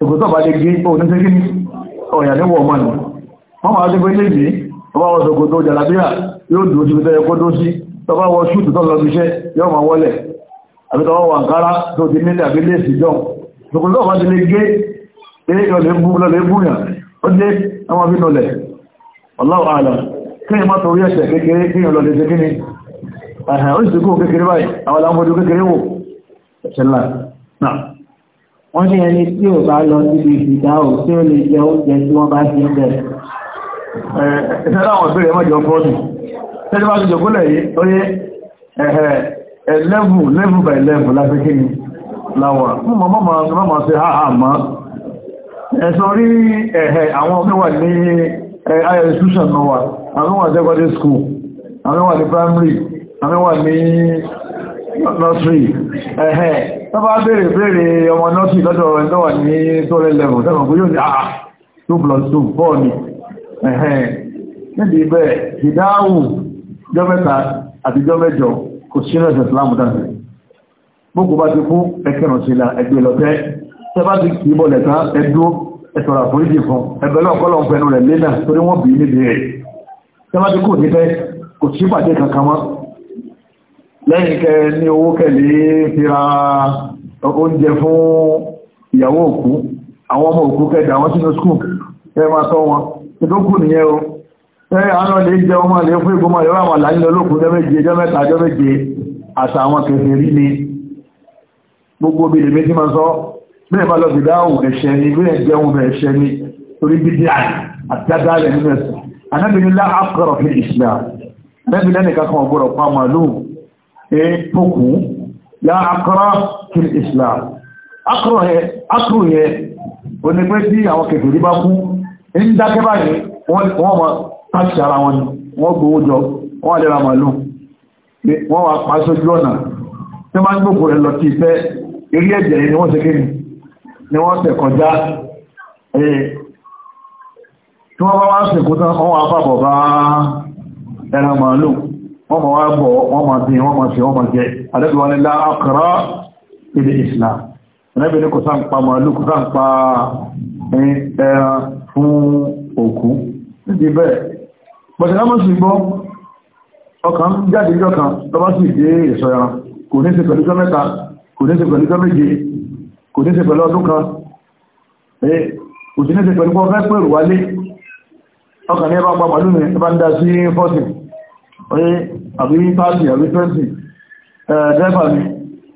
ìgbòtọ̀ bá lè gé oníṣẹ́gí ọ̀yà ní wọ̀ mọ́nà wọ́n máa tí gbéjì ní ọba wọ́n sọ̀gbòtò jàlábíà yóò dúró sí pẹ́tẹ́ ẹkọ́ tó sí tọba wọ ṣúùtù tọ́ lọ bíṣẹ́ yóò máa wọlẹ̀ àbí tọwọ́ wà kára tó ti nílẹ̀ àbí lè sì jọ ìgbòtọ̀ bá ti lè gé lọ́lẹ̀ búyàn ó dé àwọn abínú lẹ̀ ọláwọ̀ àlà kí ni má torí ẹ̀ṣẹ̀ kékeré kí ni lọ́lẹ̀ ṣe ni ẹ̀hẹ̀ ó sì kú kékeré báyìí àwọn aláwọ̀ kékeré wò ẹ̀ṣẹ̀ náà wọ́n ní ẹni tí ò bá lọ síbi ìfìdá ò tí ó lè jẹ oúnjẹ tí wọ́n bá ṣe ń bẹ̀. ìṣẹ́láwọ̀n ìbẹ̀rẹ̀ mọ́jọ fọ́ọ̀dù tẹ́lẹ̀ bá ti jọ gólẹ̀ yìí ó yé ẹ̀lẹ́bù lẹ́bù by lẹ́bù láfẹ́kí ni láwà mọ́mọ́ ha àmọ́ ẹ̀sọ́ rí ẹ̀hẹ̀ àwọn mẹ́wà ní higher institution náà wà àwọn mẹ́wà secondary school àwọn mẹ́wà ní primary àwọn mẹ́wà ní nọ́sírì ẹ̀hẹ́ tó bá béèrè béèrè ọmọ nọ́sírì lọ́dọ̀ ẹ̀dọ́ wà ní tó lẹ́lẹ́mù tẹ́mọ̀ pé yóò ní àà ah, 2 plus 2 bọ́ ni ẹ̀hẹ́ níbi ibẹ̀ ìdáhùn jọ́mẹ́ta àti jọ́mẹ́jọ kò sí rẹ̀ ìsìlámù dáńtẹ̀ gbogbo bá ti kú ẹkẹrùn sí la ẹgbẹ́ e lọ́tẹ́ tẹ́ bá ti kì í bọ̀lẹ̀ tán ẹdú ẹ̀sọ̀rọ̀ àforíjì fún ẹgbẹ́ lọ́kọ́lọ́ fẹnu rẹ̀ lé náà torí wọ́n bì í níbi lẹ́yìn kẹ ní owó kẹlẹ̀ fi ra oúnjẹ fún ìyàwó òkú àwọn ọmọ òkú kẹjà wọn sínú skúl kẹ máa tọ́ wọn tó kù nìyẹn o ṣe àánà lè jẹ ọmọ lè fún ìgbọmọ ìrọ̀ àwọn àlàyé olókùn jẹ́ méje jẹ́ mẹ́ta jẹ́ méje àṣà ni gbogbo bí lèmi tí máa sọ bẹ́ẹ̀ bá lọ bìdá òun ẹ̀ṣẹ̀ ni bẹ́ẹ̀ jẹun bẹ́ẹ̀ ni torí bí díà àtàdá rẹ̀ nínú ẹ̀sìn anábìnrin lá àkọrọ̀ fi ìṣìlá anábìnrin ẹnìkan kan ọ̀gbọ̀rọ̀ pa tókù ya akọ́rọ̀ kí islam akọ́rọ̀ yẹ onígbé tí àwọn kèfèrí bá kú ń dákẹ́ báyìí wọ́n mọ̀ táṣì ara wọn wọ́n gbówó jọ wọ́n lè ra màlúù wọ́n wà pàṣójú ọ̀nà tí wọ́n gbogbo rẹ̀ lọ ti fẹ́ eré ẹ̀jẹ̀ ni wọ́n ṣe kí ni wọ́n tẹ̀ kọjá tí wọ́n bá wá sìnkú tán wọ́n wà fàbọ̀ bá ẹran màlúù wọ́n ma wá bọ̀ wọ́n ma bí wọ́n ma ṣe wọ́n ma jẹ́ alẹ́bí wọn ni láàkàrá ilé islam ẹ̀nẹ́bí ní kò sá ń pa màálù kò sá ń pa ẹran fún òkú níbi bẹ́ẹ̀ pọ̀sẹ̀ lámọ́ sí gbọ́ ọkàn jáde ìjọ kan lọ́bá sì dé èso ẹran kò ní ṣe pẹ̀lú jọ mẹ́ta kò ní ṣe pẹ̀lú jọ méje oye àbí tààdì àbí tẹ́sì ẹ̀ẹ́dẹ́fà ni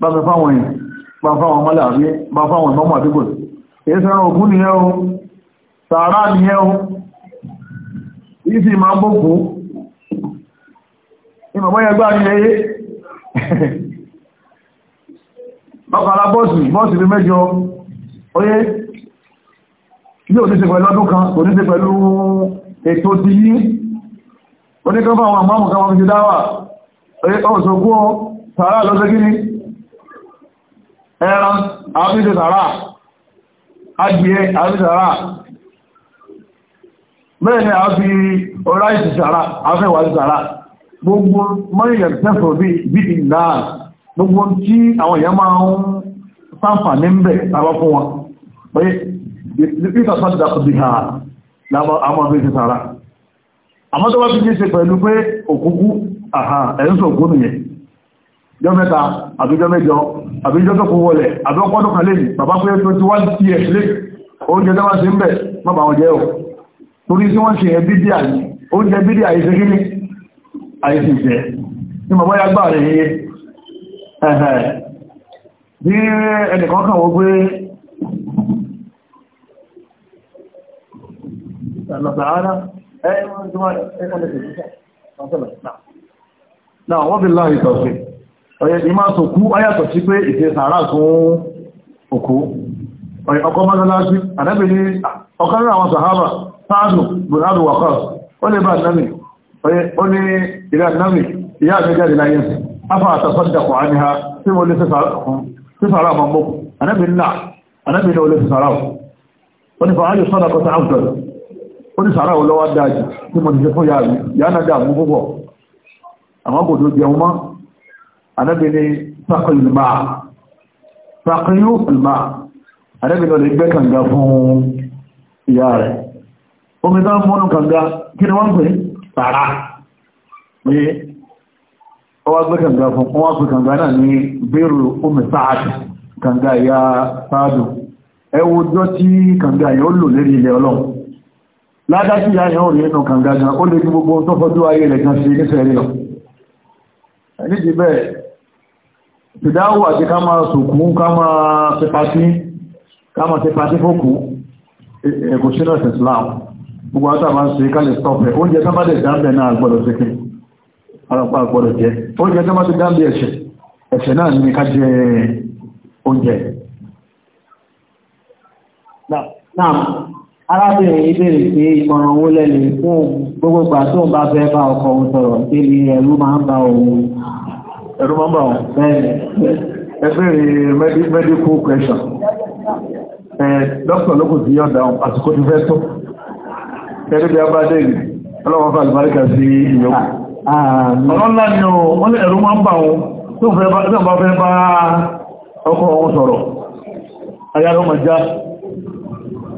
bá fẹ́ fáwọn èèyàn bá fáwọn mọ́lẹ̀ àbí bá fáwọn ìmọ́mọ̀ àdúgbò èyí sẹ́ràn òkú nìyẹn o sàárà nìyẹn o ìsì máa bókú ìmọ̀mọ́yẹgbà ní ẹyẹ bọ́kàlá bọ́ọ̀sì bọ́ọ̀sì ní mẹ́jọ oyé ilé oníṣẹ́ pẹ̀lú ọdún kan oníṣẹ́ pẹ̀lú ètò ti yí oníkọ́bà àwọn àmọ́ àmọ́kà wọn fi dáwà ọ̀sọ̀gbọ́ sàárà lọ́sẹ̀ gíní ẹran àbíṣẹ́ sàárà adìẹ àbíṣẹ́ sàárà bẹ́ẹ̀ ni a fi ọ̀rá ìsì sàárà afẹ́wà sàárà gbogbo mọ́rìnlẹ̀ tẹ́fọ̀ bí i náà gbogbo tí àwọn èèyàn máa ń sáǹfà ní mbẹ̀ tàbá fún wọn pé ìtàṣà dàkùdì ha lábọ́ àmọ́ bí i sàárà àmọ́ tó wá fi ní ṣe pẹ̀lú pé òkúkú ẹ̀yìn sọ̀kú nìyẹn jọ mẹ́ta àbíjọ mẹ́jọ àbíjọ tó kú wọlẹ̀ àbíọ́pọ́dún kan lẹ́yìn bàbá pé tó ti wá sí ẹ̀ lé oúnjẹ tó wá sí ń bẹ̀ má bà wọn jẹ́ ọ̀ torí tí wọ́n ṣe yẹn bídí àyè oúnjẹ bídí àyè ṣe kíní àyè sì jẹ́ ní bàbá ya gbà rẹ̀ yẹ bí ẹnìkan kàn wọ́n pé Allah ta'ala eh kuma ma na wọ́n bí láàrín ìtọ̀sí ọ̀yẹ́ ìmá sòkú ayàtọ̀ sí pé ìfẹ́ sàárà fún òkú ọkọ̀ mọ́sánlájú àdábì ní ọkàn àwọn sàhábà sáàdù bùhádù wàkọ́ ó lè bá na ó ní sàárà olówó dájú tí mo ti jẹ ya yàrí yánà dàmú púpọ̀ àwọn kò tó jẹun mọ́ anábìnrin sàkọlùmá sàkọlùmá anábìnrin lè gbẹ́ kànga fún ìyá rẹ̀ omi tán mọ́nù kànga kí ni wọ́n pè sàárà pé ọwá gbẹ́ kànga fún wọ́n pè kànga náà ní bẹ́rù omi sáàdù kànga ìyá sáàdù ẹwùjọ́ tí kànga yóò lò lérí ilẹ̀ ọlọ́run ládájú ìyá ìyá òní inú kàngága ó lè ní gbogbo tó fọ́jú ayé rẹ̀ kan sí nífẹ̀ẹ́ lọ nídi bẹ́ẹ̀ ìdáwò àti ká máa sòkú ká máa tẹpàtí ká máa tẹpàtí fókù ẹ̀kù sínú ẹ̀sẹ̀ Islam gbogbo àtàbà ń ṣe kálẹ̀ stọ́pẹ̀ oúnjẹ tó bá dẹ̀ dáńbẹ̀ náà gbọ́dọ̀ jẹ́ oúnjẹ arábìnrin yìí béèrè pé ìmọ̀ràn owó lẹ́nu fún gbogbo ìgbà tó ń bá fẹ́ bá ọkọ òun sọ̀rọ̀ sí ni ẹ̀rú máa ń bá òun. ẹ̀rú máa ń bá òun. ẹ medical question. ẹ dókítà ló sí ọ̀dà àsìkò ti fẹ́ tó. ẹ̀rí bí abáde yìí ọlọ́wọ́n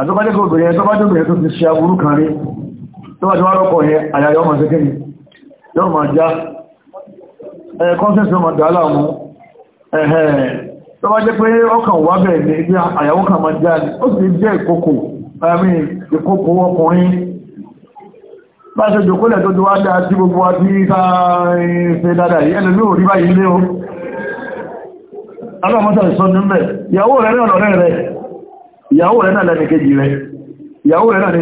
àtọ́bájẹ́ kò bẹ̀rẹ̀ tó bá tó bẹ̀rẹ̀ tó ti ṣe aburú kan rí tó bá tó wá rọ́pọ̀ yẹn àyàyọ́ ọmọ ṣe kéni yọ́ ma já ẹ̀ kọ́nsẹ̀sì ọmọ dàálà mú ẹ̀hẹ́ tó bá jẹ́ pé ọkàn wà bẹ̀rẹ̀ ní ibi àyàwó kan ma já ní ó sì jẹ́ ìkókò àmì ìkókò ọkùnrin bá ṣe jòkólẹ̀ tó wá dáa tí gbogbo wa ti ká ṣe dáadáa yìí ẹni ló rí báyìí lé o aláwọ̀ mọ́sàn ìsọ́nú ìyàwó rẹ̀ náà lẹ́nì kejì rẹ̀ ìyàwó rẹ̀ náà ni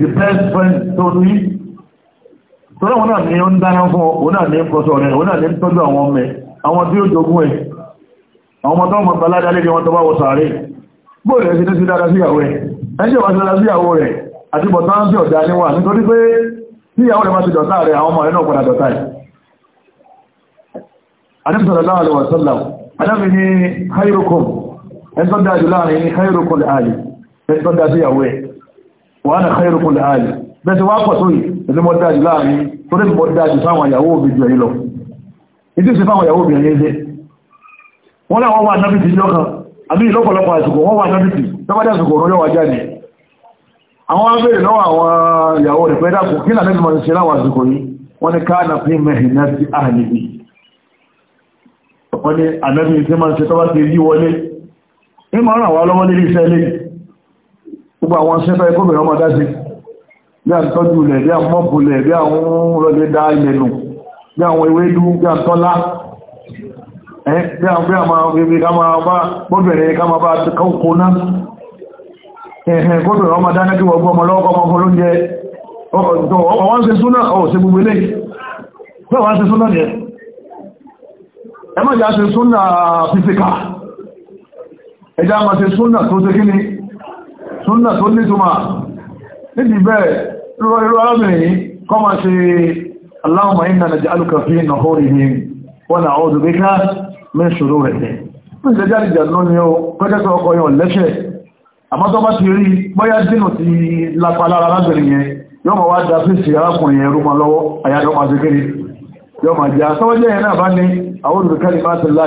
the best friend tó ní tọ́lá wọn náà ni ó ń dáná fún òun náà ni ń kọsọ rẹ̀ òun náà ni ń tọ́jú àwọn ọmọ àwọn tí ó jogún ẹ̀ àwọn ọmọ tọ́mọ̀ balada lé wọn tó bá wọ sàárè bóò rẹ̀ sí ní sí dára sí ìyàwó rẹ̀ ẹjẹ́ wá sí dára sí ìyàwó rẹ̀ àti bọ̀tán sí ọ̀dá hayrokom ẹ̀tọ́ dájú láàrin ní khairukum ààlì ẹ̀tọ́ dájú ìyàwó ẹ̀ wọ́n na khairukum ààlì bẹ́ẹ̀ wá pọ̀ sóyì ẹ̀tọ́ mọ́ dájú láàrin tó lè mọ́ dájú sáwọn ìyàwó òbí jù ẹ̀yìn lọ ìdí sí fáwọn ìyàwó obìnrin ṣe wọ́n láwọn wà nábìtì yọ́ kan àbí ìlọ́pọ̀lọpọ̀ àsìkò wọ́n wà nábìtì tọ́bádá àsìkò òun yọ́wà jáde àwọn abẹ́rẹ̀ lọ́wọ́ àwọn ìyàwó tí máa ń ṣe tọ́bá ti yí wọlé ní ma ràn wá lọ́wọ́ nílé iṣẹ́ ilé gbogbo àwọn ṣẹ́fẹ́ gómìnà ọmọ dáṣe bí a ń tọ́jú ilẹ̀ bí a ń mọ́bù ilẹ̀ bí àwọn rọlẹ̀ da ilẹ̀ nù bí àwọn ewédú bí a ń tọ́lá bí a máa bèbè ká máa bá gbọ́bẹ̀rẹ̀ ká máa bá kọ́kọ́ ná ẹ̀hẹ̀ gómìnà ọmọ dáná ẹjá ma ṣe súnà tó ṣe kíni súnà tó nítumà níbi bẹ́ẹ̀ irú arábìnrin kọ́ ma ṣe Allahumma inna naj'aluka fi nahurihim wa na'udhu bika min shururihim ní ìṣẹ́já ìjànú ni ó pẹ́jẹ́sọ ọkọ̀ yọ lẹ́ṣẹ̀ àmọ́tọ́ bá ti rí bóyá dínà ti lápa lára arábìnrin yẹn yọ́ ma wá jẹ́ àtọ́wọ́jẹ́ yẹn náà ní àwọn olùkẹ́lì máa ti la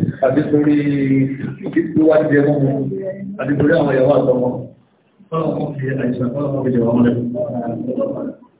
tàbí torí ìgbìyànjú wá jẹ mọ́ tàbí torí àwọn ìyàwó àtọmọ́ fọ́nà kan fi àìsàn fọ́nà kan fi jẹ wọn lẹ́kọ̀ọ́